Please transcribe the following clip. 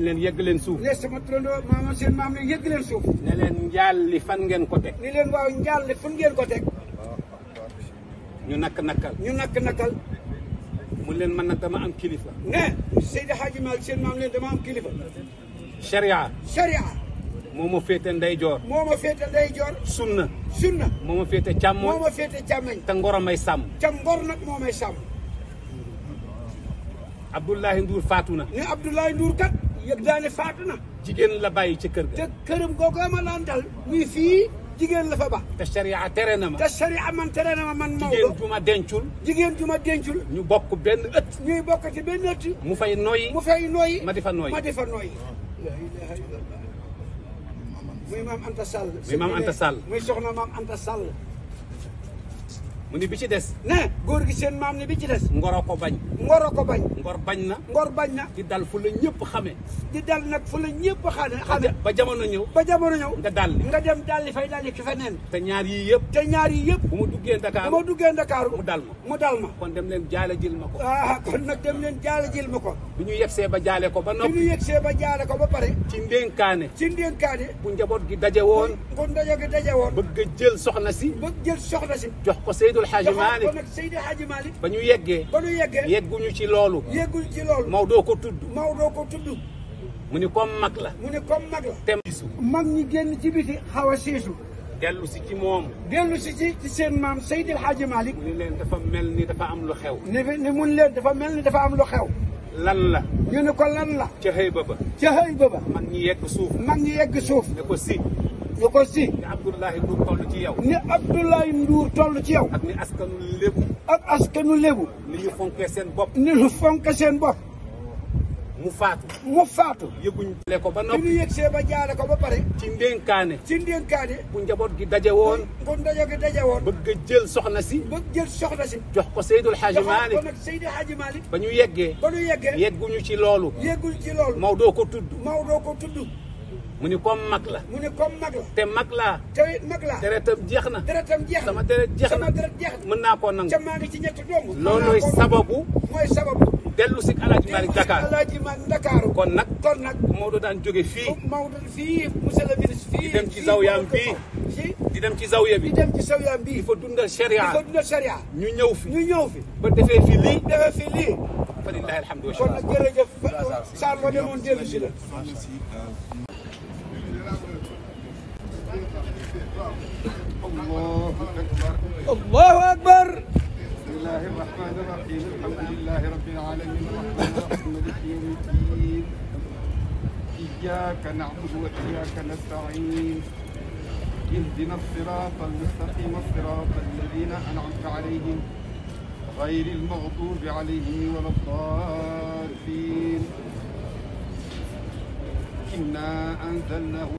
leen yegg leen suuf. ne sama turandoo maamoon seen maam ne yegg leen suuf. ne leen njaal li fan ngeen ko teg. ni leen waaw njaal li fan ngeen ko teg. ñu nakk nakkal. ñu nakk nakkal. mu leen man nag dama am kilifa. ne Seydi Hadji Malick seen maam leen dama am kilifa. sharia. sharia. moo ma féete ndeyjoor. moo ma féete ndeyjoor. sunna. sunna. moo ma féete càmmoñ. moo ma féete càmmoñ. te ngoro may sàmm. ca ngor nag moo may sàmm. Abdoulaye Ndour faatu na. ne Abdoulaye Ndour kat. yëg daane jigéen la bàyyi ci kër ga te këram googu ma laan dal muy fii jigéen la fa ba te sariya tere na ma te sariya man tere na ma man Maodo jigéen ju ma dencul jigéen ju dencul ñu bokk benn ëtt ñuy bokk ci benn ëtt mu fay noyyi mu fay noyyi ma di fa noyyi muy maam Anta Sall muy maam Anta Sall mu ni bi ci des ne góor gi seen maam ne bi ci des ngoro ko bañ ngoro ko bañ ngor bañ na ngor bañ na di dal fu la ñëpp xamee di dal nag fu la ñëpp xame xame ba jamono ñëw ba jamono ñëw nga dal nga dem dalli fay dalli ki feneen te ñaar yii yëpp te ñaar yii yëpp bu ma duggee Dakar bu ma duggee Dakar mu dal ma mu dal ma kon dem leen jaala jël ma ko ah kon nag dem leen jaala jël ma ko bu ñu see ba jaale ko ba noppi bi ñu see ba jaale ko ba pare ci ndénkaane ci ndénkaane bu njaboot gi daje woon bu njaboot gi daje woon bëgg a jël soxna si bëgg jël soxna si jox ko Seydul Xaaji Maalik jox ko nag Seydul Xaaji Maalik ba ñu yeggee ba ñu yegguñu ci loolu yegguñu ci loolu Maodo ko tudd Maodo ko tudd mu ni ko mag la mu ni ko mag la tem mag ñi génn ci biti xaw a siisu dellu si ci moom dellu si ci ci seen maam Seydil Xaaji Maalik mu ni leen dafa mel ni dafa am lu xew ni mun leen dafa mel ni dafa am lu xew lan la. ñu ne ko lan la. ca xëy ba ba. ca xëy ba ba. mag ñi yegg suuf. mag ñi yegg suuf. ne ko si. ne ko si. ne Abdoulaye Ndour toll ci yow. ne Abdoulaye Ndour toll ci yow. ak ni askanu lébu. ak askanu lébu. ni ñu fonke seen bopp. ni ñu fonke seen bopp. mu faatu mu faatu yóbbuñ le ko ba noppi bi ñu yëgsee ba jaale ko ba pare ci ndénkaane ci ndénkaane bu njaboot gi daje woon bu ndajo gi daje woon bëgg jël soxna si bëgg jël soxna si jox ko Seydul Xaaji Maalik ko nag Seydi Xaaji Maalik ba ñu yeggee ba ñu yeggee yegguñu ci loolu yegguñu ci loolu Maodo ko tudd Maodo ko tudd mu ni comme mag la mu ni comme mag la te mag laa te mag laa deretam jeex na deretam jeex sama deret jeex sama deret jeex na mën naa koo nangu ci ñetti dong loolooy sababu mooy sababu dellu si Alaaji Malick Dakar kon nag kon nag Maodo daan jóge fii Maodo fii monsieur di dem ci zawyaam bii di dem ci zawya bi di dem ci zawyaam bii ñu ñëw fi ñu ñëw fi ba lii defee fi lii fa lillahi alhamdu wa kon nag jërëjëf Sarr boo demoon dellu si الله الرحمن الرحيم الحمد لله رب العالمين الرحمن الرحيم الدين إياك نعبد وإياك نستعين اهدنا الصراط المستقيم صراط الذين أنعمت عليهم غير المغضوب عليهم ولا الضالين إنا أنزلناه